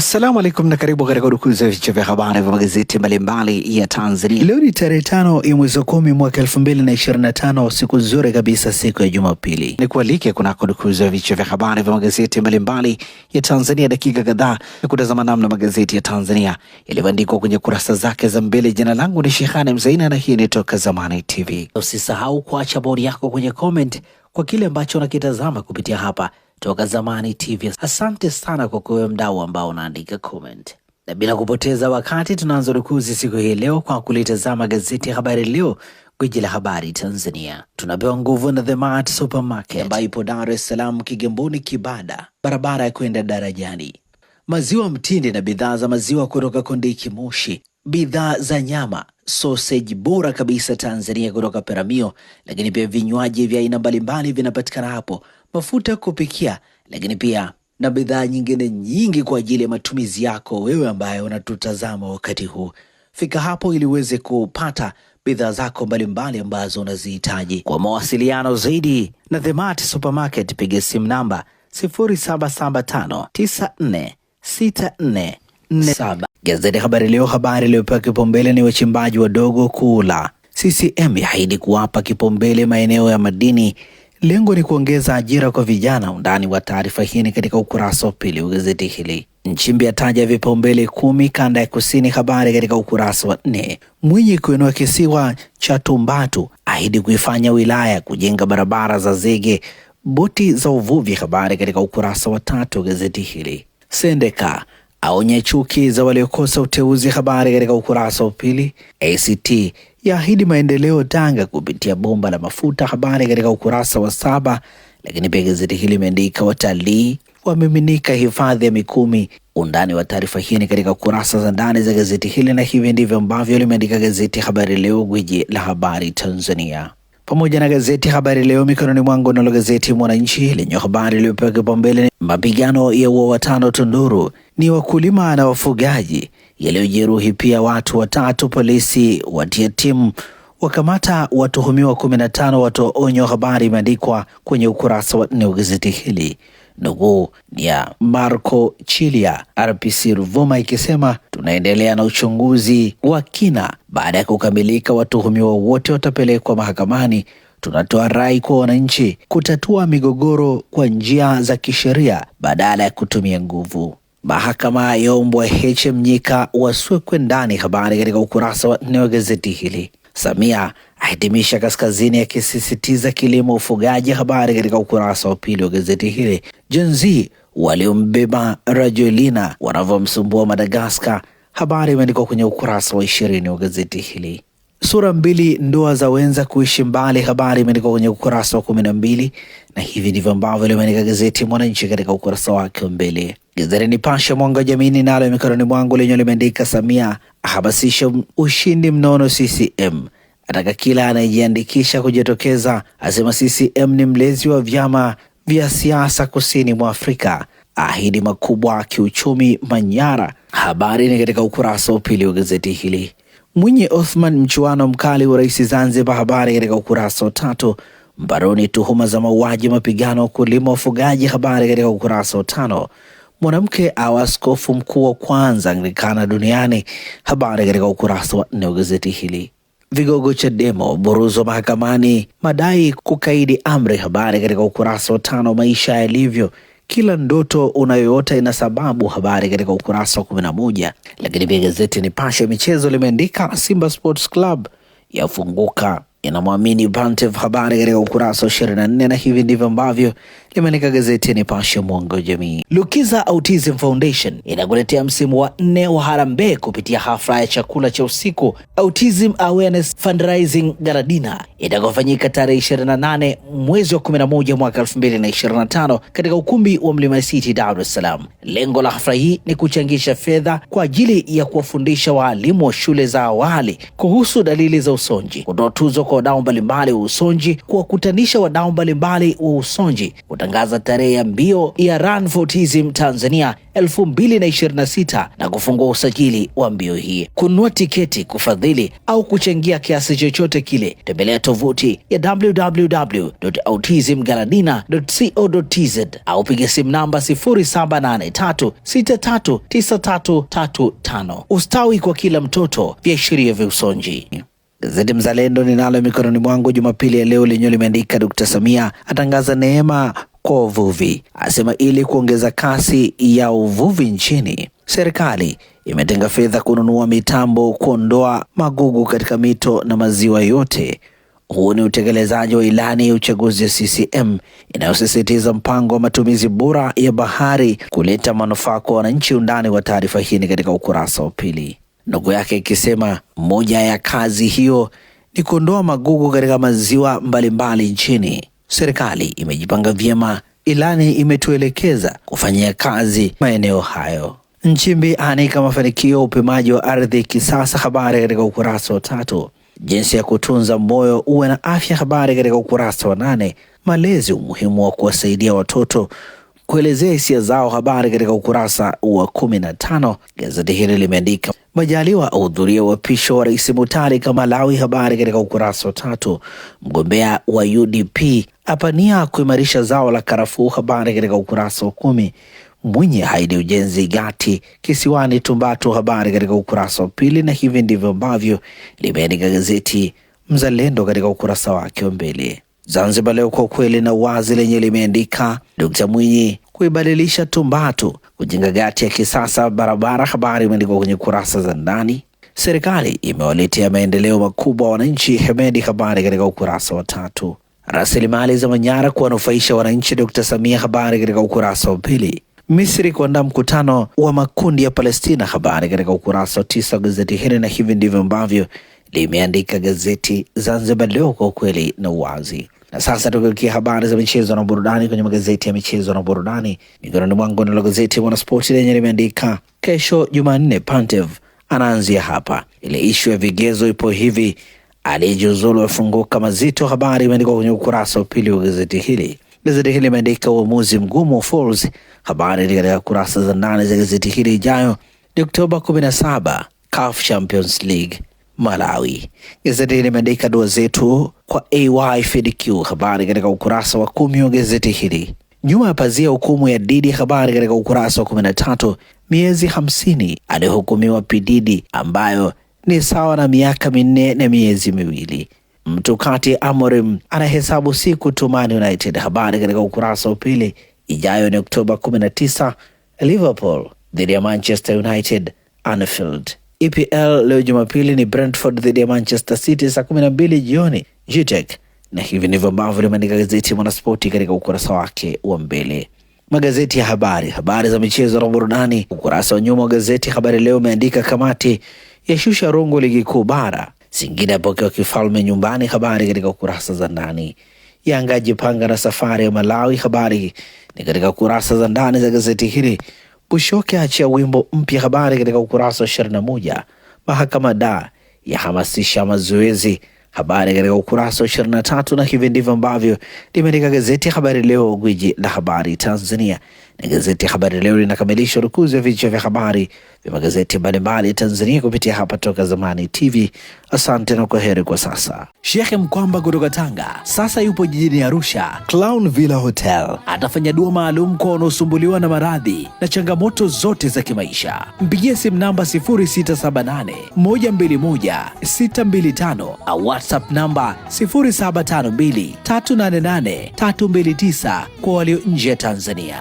Assalamu alaikum na karibu katika udukuzi ya vichwa vya habari vya magazeti mbalimbali ya Tanzania. Leo ni tarehe tano ya mwezi wa kumi mwaka elfu mbili na ishirini na tano siku nzuri kabisa, siku ya Jumapili. Ni kualike kunako udukuzi ya vichwa vya habari vya magazeti mbalimbali ya Tanzania, dakika kadhaa ya kutazama namna magazeti ya Tanzania yalivyoandikwa kwenye kurasa zake za mbele. Jina langu ni Shehani Mzaina na hii ni Toka Zamani TV. Usisahau kuacha bodi yako kwenye comment kwa kile ambacho unakitazama kupitia hapa toka zamani TV. Asante sana kwa kuwe mdau ambao unaandika comment, na bila kupoteza wakati tunaanza rukuzi siku hii leo kwa kulitazama gazeti ya Habari Leo, gwiji la habari Tanzania. Tunapewa nguvu na The Mart Supermarket ambayo ipo Dar es Salaam, Kigamboni, Kibada, barabara ya kwenda darajani. Maziwa mtindi na bidhaa za maziwa kutoka Kondiki Moshi bidhaa za nyama, soseji bora kabisa Tanzania kutoka Peramio, lakini pia vinywaji vya aina mbalimbali vinapatikana hapo, mafuta kupikia, lakini pia na bidhaa nyingine nyingi kwa ajili ya matumizi yako wewe ambaye unatutazama wakati huu. Fika hapo ili uweze kupata bidhaa zako mbalimbali ambazo unazihitaji. Kwa mawasiliano zaidi na The Mart Supermarket, piga simu namba 0775946447. Gazeti Habari Leo, habari iliyopewa kipaumbele ni wachimbaji wadogo kula. CCM yaahidi kuwapa kipaumbele maeneo ya madini, lengo ni kuongeza ajira kwa vijana. Undani wa taarifa hii ni katika ukurasa wa pili wa gazeti hili. Nchimbi ataja vipaumbele kumi kanda ya kusini, habari katika ukurasa wa nne. Mwinyi kuinua kisiwa cha Tumbatu, ahidi kuifanya wilaya, kujenga barabara za zege, boti za uvuvi, habari katika ukurasa wa tatu wa gazeti hili. Sendeka aonye chuki za waliokosa uteuzi. Habari katika ukurasa wa pili. ACT yaahidi maendeleo Tanga kupitia bomba la mafuta. Habari katika ukurasa wa saba. Lakini pia gazeti hili imeandika watalii wamiminika hifadhi ya Mikumi. Undani wa taarifa hii ni katika kurasa za ndani za gazeti hili, na hivi ndivyo ambavyo limeandika gazeti Habari Leo, gwiji la habari Tanzania pamoja na gazeti Habari Leo mikononi mwangu, nalo gazeti Mwananchi lenye habari iliyopewa kipaumbele ni mapigano ya ua watano Tunduru, ni wakulima na wafugaji yaliyojeruhi pia watu watatu, polisi watia timu wakamata watuhumiwa 15 watoa onyo. Habari imeandikwa kwenye ukurasa wa nne wa gazeti hili ni ya Marco Chilia RPC Ruvuma ikisema tunaendelea na uchunguzi wa kina. Baada ya kukamilika, watuhumiwa wote watapelekwa mahakamani. Tunatoa rai kwa wananchi kutatua migogoro kwa njia za kisheria badala ya kutumia nguvu. Mahakama yaombwa Heche Mnyika waswekwe ndani. Habari katika ukurasa wa nne wa gazeti hili. Samia ahitimisha kaskazini, akisisitiza kilimo, ufugaji. Habari katika ukurasa wa pili wa gazeti hili. Gen Z waliombeba Rajoelina wanavyomsumbua Madagaskar, habari imeandikwa kwenye ukurasa wa ishirini wa gazeti hili. Sura mbili ndoa za wenza kuishi mbali, habari imeandikwa kwenye ukurasa wa kumi na mbili na hivi ndivyo ambavyo limeandika gazeti Mwananchi katika ukurasa wake wa mbele. Gazeti Nipashe mwanga jamini nalo mikononi mwangu lenye limeandika Samia ahamasisha ushindi mnono CCM ataka kila anayejiandikisha kujitokeza, asema CCM ni mlezi wa vyama vya siasa kusini mwa Afrika, ahidi makubwa kiuchumi Manyara. Habari ni katika ukurasa wa pili wa gazeti hili. Mwinyi Othman, mchuano mkali wa rais Zanzibar. Habari katika ukurasa wa tatu. Mbaroni tuhuma za mauaji, mapigano, kulima, wafugaji. Habari katika ukurasa wa tano. Mwanamke awa askofu mkuu wa kwanza Anglikana duniani. Habari katika ukurasa wa nne wa gazeti hili. Vigogo Chadema waburuzwa mahakamani, madai kukaidi amri. Habari katika ukurasa wa tano. Maisha yalivyo, kila ndoto unayoota ina sababu. Habari katika ukurasa wa kumi na moja. Lakini pia gazeti Nipashe michezo limeandika Simba Sports Club yafunguka inamwamini Pantev. Habari katika ukurasa wa ishirini na nne. Na hivi ndivyo ambavyo limeandika gazeti ya Nipashe mwanga wa jamii. Lukiza Autism Foundation inakuletea msimu wa nne wa harambee kupitia hafla ya chakula cha usiku Autism Awareness Fundraising Gala Dinner itakayofanyika tarehe 28 mwezi wa 11 mwaka 2025 katika ukumbi wa Mlima City, Dar es Salaam. Lengo la hafla hii ni kuchangisha fedha kwa ajili ya kuwafundisha waalimu wa shule za awali kuhusu dalili za usonji, kutoa tuzo kwa wadau mbalimbali wa usonji, kuwakutanisha wadau mbalimbali wa usonji kutangaza tarehe ya mbio ya Run for Autism Tanzania 2026 na kufungua usajili wa mbio hii. Kununua tiketi, kufadhili au kuchangia kiasi chochote kile, tembelea tovuti ya www.autismgaladina.co.tz au piga simu namba 0783639335. Ustawi kwa kila mtoto, viashiria vya usonji. Gazeti Mzalendo ninalo mikononi mwangu Jumapili ya leo lenyewe limeandika Dkt. Samia atangaza neema kwa uvuvi. asema ili kuongeza kasi ya uvuvi nchini, serikali imetenga fedha kununua mitambo kuondoa magugu katika mito na maziwa yote. Huu ni utekelezaji wa ilani ya uchaguzi ya CCM inayosisitiza mpango wa matumizi bora ya bahari kuleta manufaa kwa wananchi. Undani wa taarifa hii ni katika ukurasa wa pili. Ndugu yake ikisema moja ya kazi hiyo ni kuondoa magugu katika maziwa mbalimbali mbali nchini serikali imejipanga vyema, ilani imetuelekeza kufanyia kazi maeneo hayo. Nchimbi anika mafanikio upimaji wa ardhi kisasa, habari katika ukurasa wa tatu. Jinsi ya kutunza moyo uwe na afya, habari katika ukurasa wa nane. Malezi, umuhimu wa kuwasaidia watoto kuelezea hisia zao. Habari katika ukurasa wa kumi na tano. Gazeti hili limeandika Majaliwa ahudhuria uapisho wa Rais Mutharika Malawi. Habari katika ukurasa wa tatu. Mgombea wa UDP apania kuimarisha zao la karafuu. Habari katika ukurasa wa kumi. Mwinyi haidi ujenzi gati kisiwani Tumbatu. Habari katika ukurasa wa pili, na hivi ndivyo ambavyo limeandika gazeti Mzalendo katika ukurasa wake wa mbele. Zanzibar Leo kwa ukweli na uwazi lenye limeandika Dkt Mwinyi kuibadilisha Tumbatu kujenga gati ya kisasa barabara. Habari imeandikwa kwenye kurasa za ndani. Serikali imewaletea maendeleo makubwa wananchi Hemedi, habari katika ukurasa wa tatu. Rasilimali za Manyara kuwanufaisha wananchi Dkt Samia, habari katika ukurasa wa pili. Misri kuandaa mkutano wa makundi ya Palestina, habari katika ukurasa wa tisa wa gazeti hili, na hivi ndivyo ambavyo limeandika gazeti Zanzibar Leo kwa ukweli na uwazi. Na sasa tukiukia habari za michezo na burudani kwenye magazeti ya michezo na burudani, mikononi mwangu nalo gazeti Mwanaspoti lenye limeandika kesho Jumanne, Pantev anaanzia hapa. Ile ishu ya vigezo ipo hivi, aliyejiuzulu afunguka mazito. Habari imeandikwa kwenye ukurasa wa pili wa gazeti hili. Gazeti hili limeandika uamuzi mgumu wa Folz. Habari ni katika kurasa za ndani za gazeti hili. Ijayo ni Oktoba 17 CAF Champions League Malawi. Gazeti hili limeandika dua zetu kwa AY FDQ, habari katika ukurasa wa kumi wa gazeti hili. Nyuma ya pazia hukumu ya Didi, habari katika ukurasa wa kumi na tatu. Miezi hamsini alihukumiwa Pididi, ambayo ni sawa na miaka minne na miezi miwili. Mtu kati Amorim anahesabu siku tu Man United, habari katika ukurasa wa pili. Ijayo ni Oktoba 19 Liverpool dhidi ya Manchester United Anfield. EPL leo Jumapili ni Brentford dhidi ya Manchester City saa kumi na mbili jioni Jitek. na hivi ndivyo ambavyo limeandika gazeti ya Mwanaspoti katika ukurasa wake wa mbele. Magazeti ya habari, habari za michezo na burudani, ukurasa wa nyuma wa gazeti Habari Leo umeandika kamati ya shusha rungu ligi kuu bara, Singida apokea kifalme nyumbani, habari katika ukurasa za ndani. Yanga jipanga na safari ya Malawi, habari ni katika kurasa za ndani za gazeti hili Bushoke achia wimbo mpya. Habari katika ukurasa wa 21. Mahakama da yahamasisha mazoezi habari katika ukurasa wa 23, na hivi ndivyo ambavyo limeandika gazeti ya Habari Leo, gwiji la habari Tanzania. Na gazeti ya Habari Leo linakamilisha rukuzi ya vichwa vya habari vya magazeti mbalimbali ya Tanzania kupitia hapa Toka Zamani TV. Asante na kwaheri kwa sasa. Shekhe Mkwamba kutoka Tanga sasa yupo jijini Arusha, Clown Villa Hotel, atafanya dua maalum kwa wanaosumbuliwa na maradhi na changamoto zote za kimaisha. Mpigie simu namba 0678 121 625 au WhatsApp namba 0752 388 329 kwa walio nje ya Tanzania.